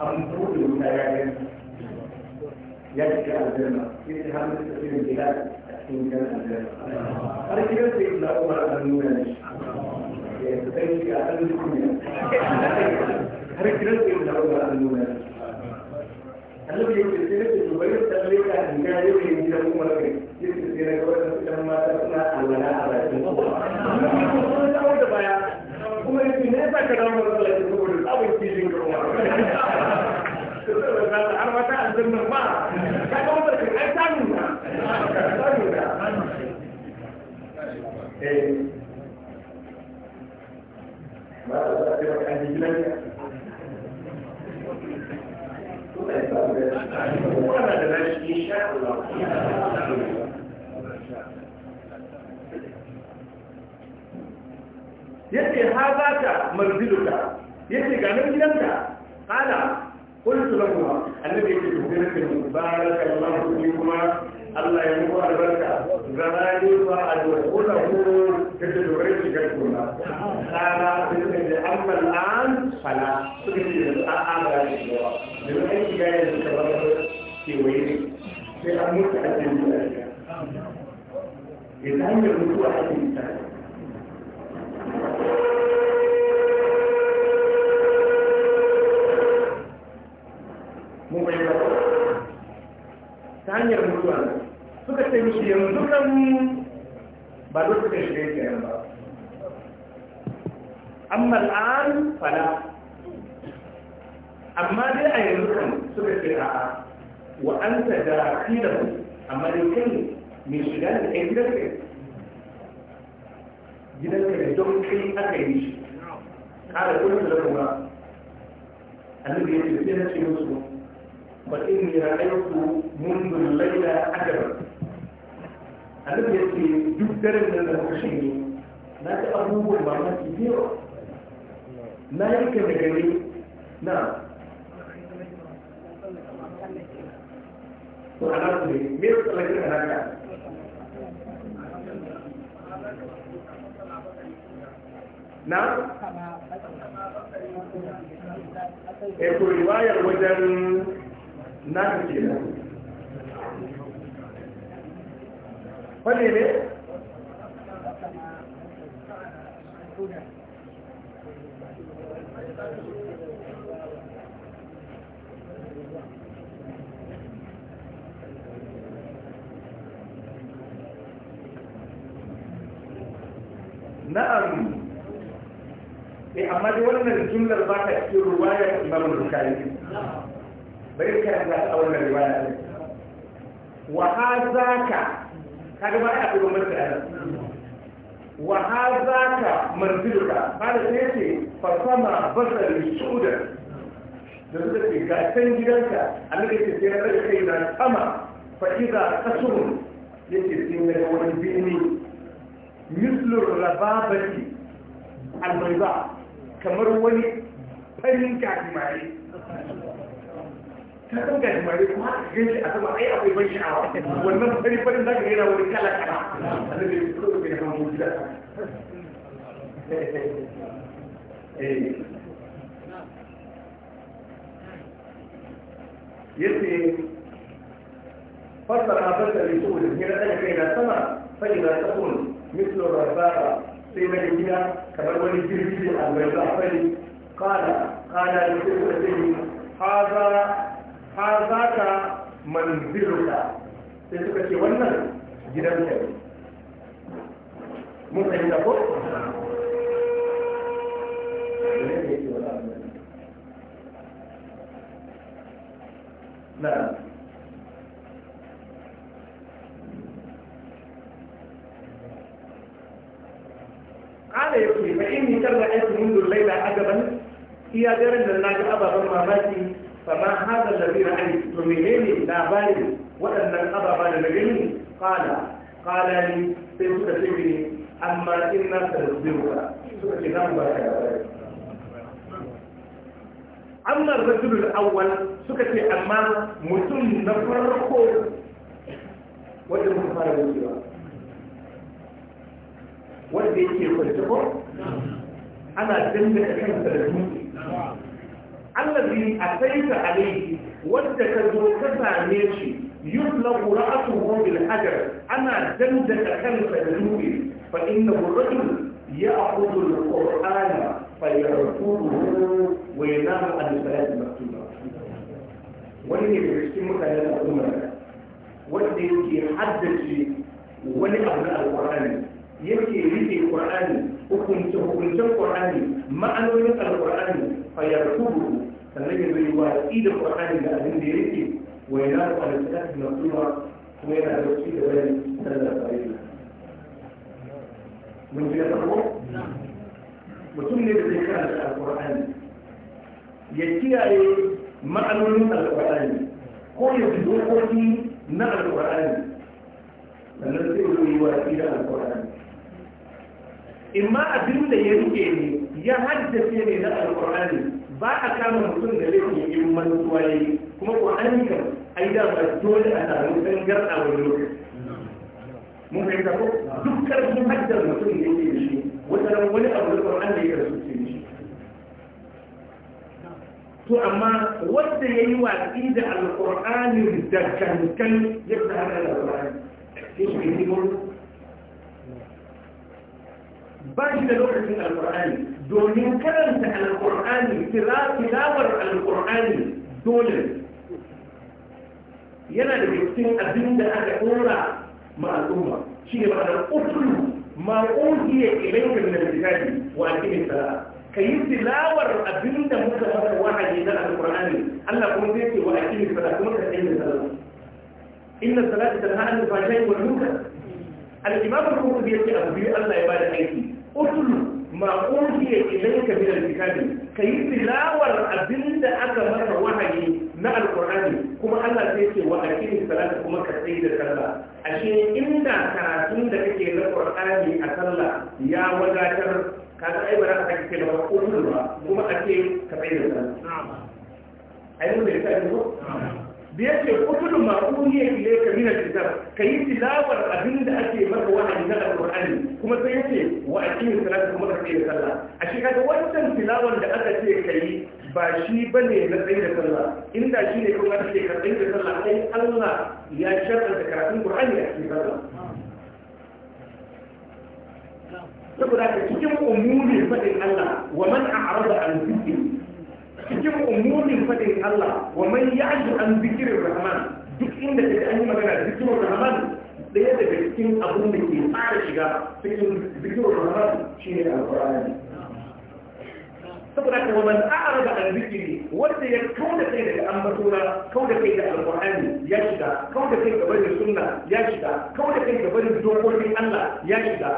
abin da wuce wuta ya gani ya ce aljanna ya ce har da tafiyar gida a cikin gidan aljanna har gidan sai ibn umar an nuna ne ya ta kai shi a kan duniya har gidan sai ibn umar an nuna ne annabi ya ce sai da ke dubai da tsalle ka hanga ya ce gidan kuma kai ce sai na ga wannan mata suna alwala a bakin ya sa ka dawo da Allah saboda tsabin filin ga Umar saboda har wata aljanna ba ka ga wata kan ai ta nuna ta nuna eh ba za ka ga kan gidan Kuma da lashi insha Allah. yake ha za ta marziluka yake ga nan gidanka kana kullu lahu annabi yake tukurin barakallahu baraka Allah ku kuma Allah ya muku albarka zamani wa a kullu ku ta dore shi ga kana tsara da amma ji an mal'an fala suka ce da a'a ba shi ba domin aiki ga yanzu ka ki wai ne sai an mutu a cikin duniya idan ya mutu a cikin duniya mu bai ba ta hanyar mutuwa suka ce mishi yanzu kan ba duk suka shiga yake ba amma al'an fala amma dai a yanzu kan suka ce a wa an ta da filan amma dai kai mai shiga da kai gidan kai gidanka da don kai aka yi shi kada kuma da kuma annabi ya ce sai na ce musu ba in ni ra'aytu mundu layla adab annabi ya ce duk daren nan da kuka shige na ta abubuwan ba na ki biyo na yi yanka da gani na to ana ne me ya tsallake da haka na? e eh, ko riwayar wajen naka ke nan wane ne? na'am sai amma dai wannan jumlar ba ta cikin ruwaya imam al-bukhari bai ka da a wannan riwaya ne wa hazaka kaga ba ya kuma mutum da wa hazaka manziluka ba da sai ce fa sama basari suda da suka ce ga can gidanka a lokacin sai na rage kai na sama fa iza kasurun yake sai na wani birni mislur rababati albaiza kamar wani farin gajimare ta san gajimare kuma a gan shi a sama ai akwai ban sha'awa wannan farin farin za ka wani kala kala a nan da ya kuma bai da mutu da yace fassara fassara ne saboda hira daga kai na sama fa idan ta kun mislu rabara sai na gida kamar wani jirgi da albarka a fari kada kada da sai ce sai ha za ka manzirka sai suka ce wannan gidan ka ne mun fahimta ko na قال يبكي فإني ترى رأيت منذ الليلة عجبا هي درجة الناس أبا ماماتي فما هذا الذي رأيت ومنين لا بالي وأن الأبا بالي لجني قال قال لي سيبتسمني أما إنا سنصبرك سكتنام أما الرجل الأول سكتي أما متن نفرقه وجه مفارقه wanda yake kwanci ko ana dangata kansa da dutse allazi ataita alayhi wanda ka zo ka same shi yutlaqu ra'atuhu bil hajar ana dangata kansa da dutse fa innahu a ya'khudhu al-qur'ana fa yarfuduhu wa yanahu an salati maktuba wani ne daga cikin mutane da al'umma wanda yake haddace wani abu na alqur'ani yake rike qur'ani hukunce hukuncen qur'ani ma'anonin alqur'ani fa yarkubu sannan ya zai wa da qur'ani da abin da yake wa yana da alƙalmi na kuma kuma yana da shi da bayani. sallar farilla mun ji da farko mutum ne da zai karanta alqur'ani ya kiyaye ma'anonin alqur'ani ko ya fi dokoki na alqur'ani sannan sai ya yi wa da alqur'ani In ma abin da ya rike ne ya haddace ne na alƙur'ani ba a kama mutum da laifin in mantuwa ya yi kuma ƙur'ani kan ai da ba dole a samu dangar a wani lokaci mun fahimta ko duk ƙarfin haddar mutum da yake da shi wata wani abu da ƙur'ani ya su ce shi to amma wanda ya yi watsi da alƙur'ani da kankan yadda hana da ƙur'ani shi shi ne باشي ده لوحة القرآن دولين كلمت على القرآن تلاور عن القرآن دولين يلا لبيكتين أبين ده أهل أورا مع الأمة شيء بعد الأطل ما أوهي إليك من الإنسان وأكيد الصلاة كي يتلاور أبين ده مكتبه واحد يدى على القرآن ألا كون ديكي وأكيد الصلاة كون تأتين الصلاة إن الصلاة تنهى أن والنكر الإمام الرؤوس يتلاور أبين الله يبالي أيدي utulu ma uhiya ilayka min al-kitabi kai tilawar abinda aka maka wahayi na alqur'ani kuma Allah sai ce wa aqimi salata kuma ka tsayi da sallah ashe inda karatun da kake na qur'ani a sallah ya wadatar ka ga ai bara ka kike da utulu ba kuma ake ka tsayi da sallah ai mun da ta ko da yake kudu ma'uniya ile ka mina kitab ka yi tilawar abin da ake maka wahayi na alƙur'ani kuma sai yake wa aqimi salata kuma ka tsaye sallah a shi wancan tilawar da aka ce kai ba shi ne na tsaye da sallah inda shi ne kuma ake ka tsaye da sallah sai Allah ya sharanta karatun Qur'ani a cikin sallah saboda cikin umuri faɗin Allah wa man a'rada an zikri cikin umumin faɗin Allah wa man ya'ju an zikirin rahman duk inda kaga an yi magana zikirin rahman daya daga cikin abun da ke fara shiga cikin zikirin rahman shine alqur'ani saboda kuma man a'rada an zikiri wanda ya kauda kai daga ambatura kauda kai da Al-Qur'ani ya shiga kauda kai ga barin sunna ya shiga kauda kai ga barin dokokin Allah ya shiga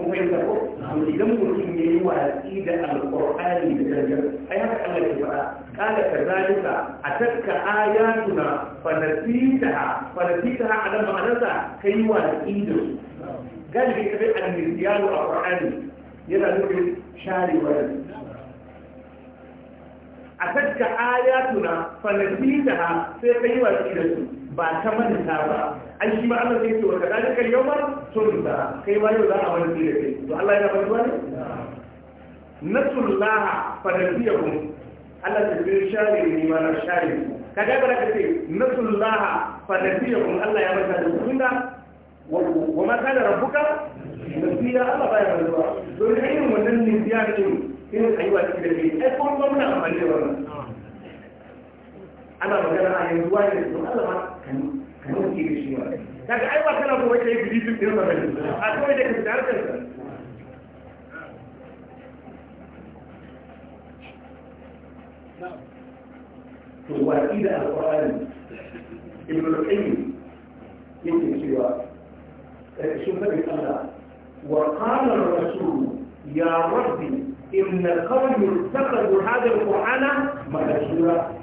mun fahimta ko to idan mutum ya yi watsi da alƙur'ani da darajar ai haka Allah ya faɗa kala kazalika atakka ayatuna fa nasitaha fa nasitaha ala ma'anarsa kai watsi da su galibi kabe al-nisyanu a qur'ani yana nufin sharewa atakka ayatuna fa nasitaha sai kai watsi da su ba ta manta ba an shi ba Allah sai ce wa kadalika yawma tunza kai ma yau za a wani dire kai to Allah yana bantuwa ne nasullaha fadasiyakum Allah ta bi share ni ma na share kaga bara ka ce nasullaha fadasiyakum Allah ya manta da kunna wa ma kana rabbuka nasiya Allah ba ya bantuwa to irin wannan nisiya din sai ayi wa take da kai ai kun mun amfani da wannan ana magana a yanzu wani ne don Allah ma kan kan wuce da shi ba kaga ai ba kana kuma kai bidisin din ba bane a kawai da kan tarkar ka to wa'ida al-Qur'an ibn al-Qayyim yake cewa ƙarshen mafi Allah wa ƙalar rasulu ya rabbi inna qawmi ittakhadhu hadha al-qur'ana mahjura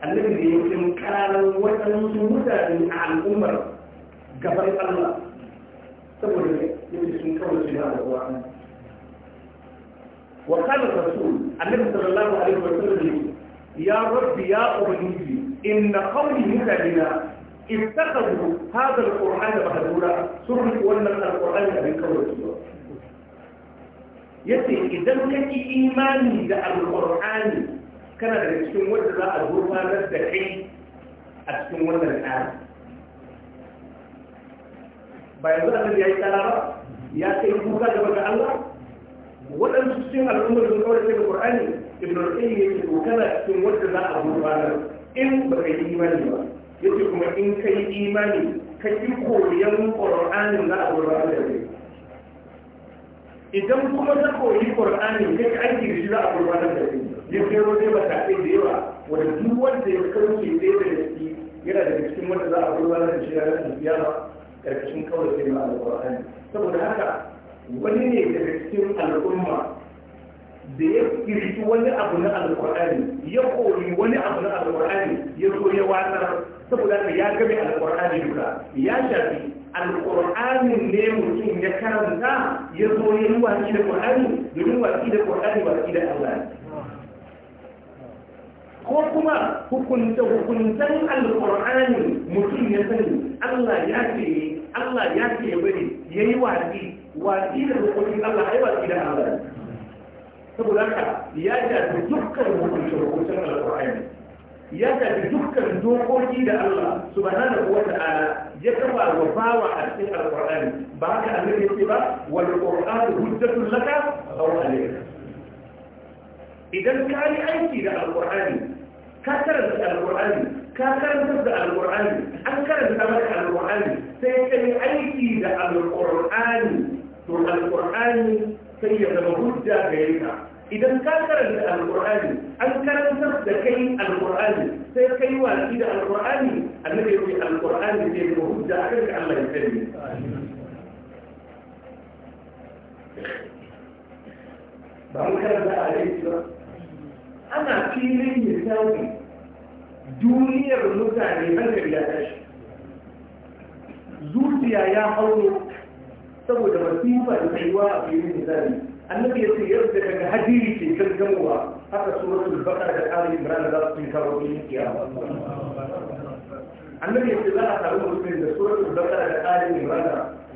annabi da ya fi karar waɗansu mutane a al'ummar gaban Allah saboda ne yake sun kawo su da Allah wa kana rasul annabi sallallahu alaihi wa sallam ya rabbi ya ubangiji inna qawli mutalina ittaqadu hadha alqur'ana mahdura sun wannan alqur'ani abin kawo su yace idan kake imani da alqur'ani kana da cikin wanda za a gurfanar da kai a cikin wannan tsari ba yanzu a ya yi tsara ya ya kai kuka gaba ga Allah waɗansu cikin al'ummar sun kawai daga Qur'ani ibn al-Qayyim yake to kana cikin wanda za a gurfanar in ba ka yi imani ba yace kuma in ka yi imani ka yi koyan Qur'anin za a gurfanar da kai idan kuma ka koyi Qur'ani kai aiki da shi za a gurfanar da kai ya kero dai matakai da yawa wanda duk wanda ya kauce ɗaya da gaske yana da cikin wanda za a ruwa da shi ranar alkiyama karkashin kawai sai ma alƙur'ani saboda haka wani ne daga cikin al'umma da ya kirki wani abu na alƙur'ani ya kori wani abu na alƙur'ani ya zo ya watsar saboda haka ya game alƙur'ani duka ya shafi alƙur'anin ne mutum ya karanta ya zo ya yi waki da ƙur'ani domin waki da ƙur'ani waki da Allah ko kuma hukunta hukuntan alkur'ani mutum ya sani Allah ya ce Allah ya ce ya bari yayi wasi wasi da hukuncin Allah ai wasi da Allah saboda haka ya shafi dukkan hukuncin hukuncin alkur'ani ya shafi dukkan dokoki da Allah subhanahu wa ta'ala ya kafa wa bawa a cikin alkur'ani ba haka Allah ya ce ba wal qur'anu hujjatul laka aw alayka إذا كان أيتي ذا القرآن كثرت ذا القرآن كثرت ذا القرآن أكرت ذا القرآن سيكن أيتي ذا القرآن ثم القرآن سيتمهد ذلك إذن كثرت ذا القرآن أكرت ذا كي القرآن سيكيوان إذا القرآن الذي يروي القرآن سيتمهد ذلك الله يسلم Vamos a ana filin misali duniyar mutane hankali ya tashi zuciya ya hauro saboda masifa da kaiwa a filin misali annabi ya ce da daga hadiri ke kan gamowa haka wasu bakar da ali imran za su karo filin kiyama annabi ya ce za a samu musulmi da suratul baqara da ali imran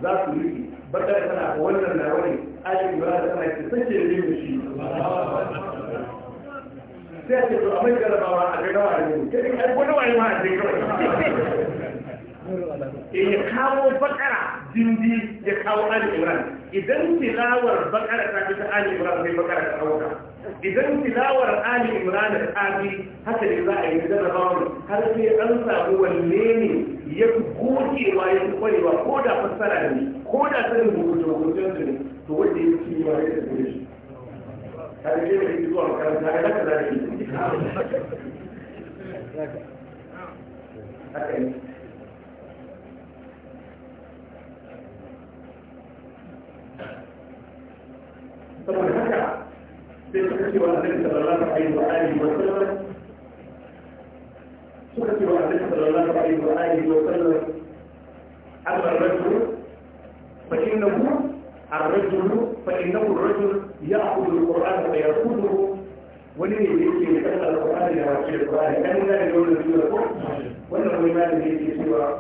za su yi baqara tana wannan na wani ali imran tana ke sace da yin shi sai a ce yakawo a a a eh, ya kawo bakara dindi ya kawo ali imran idan tilawar bakara ta fi ta ali imran sai bakara ta kawo idan tilawar ali imran ta fi haka ne za a yi jarabawa har sai an samu wanne ne ya fi gogewa ya fi kwarewa ko da fassara ne ko da sanin hukunce hukuncen ne to wanda ya fi yi ya tafi da shi هذا شيء يجي يقول هذا لا لا لا طبعا هكذا سكتي والنبي صلى الله عليه وآله وسلم سكتي والنبي صلى الله عليه وآله وسلم أما الرجل فإنه الرجل فإنه الرجل يأخذ القرآن فيركضه وليه يجي يتسأل القرآن يا رسول القرآن كان لا يقول رسول القرآن ولا هو إيمان يجي سوى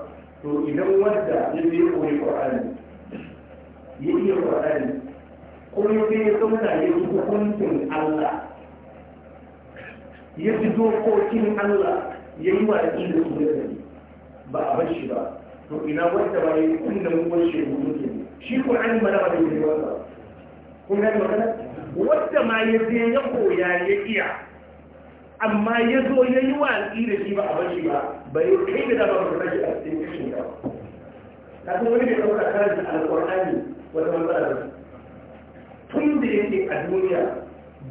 إذا ودى يجي يقوي القرآن يجي القرآن قل يجي سنة يجي كنتم الله يجي دوقوتين الله يجي وأكيد سنة ba a bar shi ba to ina wanda ba yi inda mu wani shekaru ne shi ko an mana ba da yi wanda kun gani magana wadda ma ya je ya koya ya iya amma ya zo ya yi watsi da shi ba a bashi ba bai kai da dama ba shi a cikin kashin ba ta kuma wani da ɗauka karanta alƙur'ani wata matsala ba tun da yake a duniya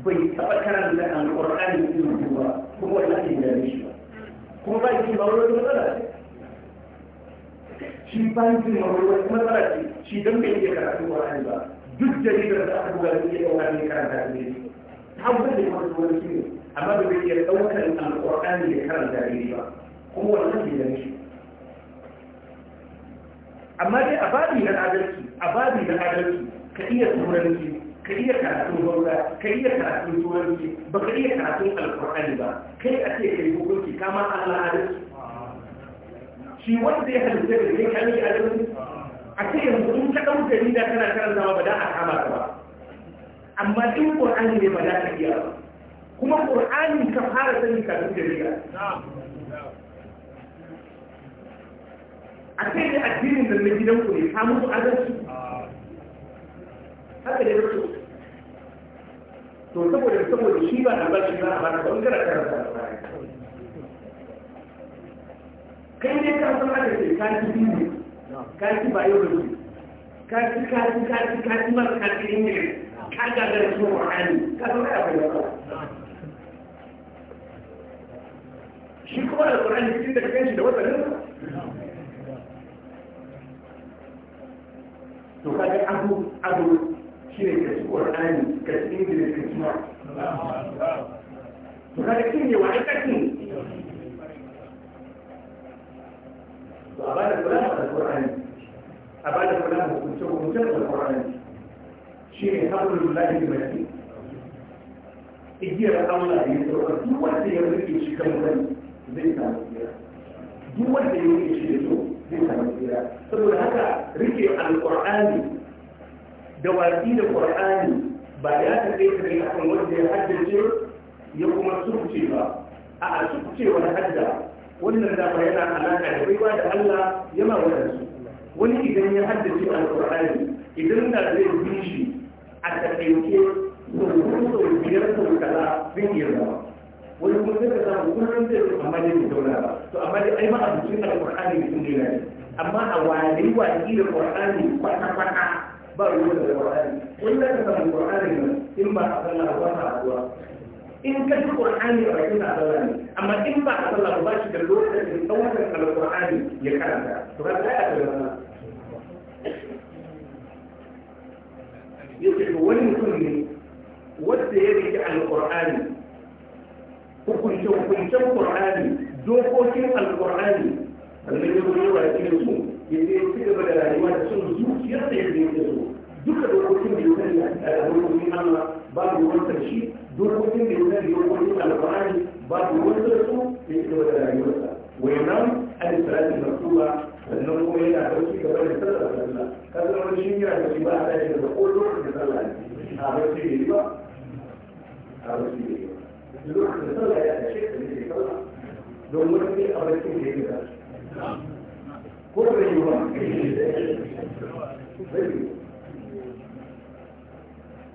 bai taɓa karanta alƙur'ani irin ba kuma wani ake gane shi ba kuma ba shi ba wani matsala ce shi ba shi ba wani matsala ce shi don bai iya karatu ƙur'ani ba duk jaridar da aka buga zai iya ɗauka ne karanta ne hankali da kuma turanci ne amma da bai iya ɗaukar alƙur'ani da karanta ne ba kuma wannan ne zama shi amma dai a babi na adalci a babi na adalci ka iya turanci ka iya karatun gwamna ka iya karatun turanci ba ka iya karatun alƙur'ani ba kai a ce kai hukunci kama Allah adalci shi wanda ya halitta da kai kan yi adalci a ce yanzu in ka ɗau jarida kana karanta ma ba da a kama ka ba amma in ƙur'ani ne ba da ka iya ba kuma ƙur'ani ka fara sani kafin jarida a kai da addinin nan na gidan ku ne ta mutu a adalci haka da yake to saboda saboda shi ba albashi ba a baka bangaren karanta kai ne ka san aka ce ka ji ne ka ba yau da gobe ka ci ka ci mara ka ci ne ka ga da su Qur'ani ka san kai akwai wata shi kuma da Qur'ani cikin da kanshi da wata ne to ka abu abu shi ne ka ci Qur'ani ka ci ne ka ma to ka ga kin ne wa aikacin to a bada kula da alqur'ani a bada kula da hukunce da alqur'ani shi ne hablul lahi mai igiyar Allah ya tsoro duk wanda ya rike shi kan wani zai samu tsira duk wanda ya rike shi da so zai samu tsira saboda haka rike alqur'ani da watsi da qur'ani ba ya tafi da akan wanda ya haddace ya kuma surce ba a surce wani hadda wannan dama yana alaƙa da baiwa da Allah ya ma wadansu wani idan ya haddace alƙur'ani idan da zai bi shi a taƙaice sau sau biyar sau kaza zai iya zama wani kuma zai ka samu kullum zai zo amma dai bai zauna ba to amma dai ai ma a abincin alƙur'ani da sun gina ne amma a wani watsi da ƙur'ani kwata-kwata ba ruwa da ƙur'ani wani zai ka samu ƙur'ani in ba a sallah ba ta haɗuwa in ka ji qur'ani a bakin sallah ne amma in ba a sallah ba shi da lokacin ɗaukar alqur'ani ya karanta to kaga ya ta zama yake to wani mutum ne wanda ya rike alqur'ani hukunce hukuncen qur'ani dokokin alqur'ani sannan ya zo yawa cikin su ya je ci gaba da rayuwa da son zuciyarsa ya je ya zo duka dokokin da ya sani a dokokin Allah بعد وقت شيء دور وقتين بيقولنا بيقولوا لي على فرعي بعد وقت شو يكتبوا على يوسف وينام هذه ثلاثة مرتوعة لأنه هو يلا بس كبار يطلع على الله كذا لو نشين يا بس يبقى هذا يجي بقول له يطلع على الله هذا شيء يبقى هذا شيء يبقى دور يطلع يا شيخ اللي يطلع دور وقتين أبدا كل يوم كل يوم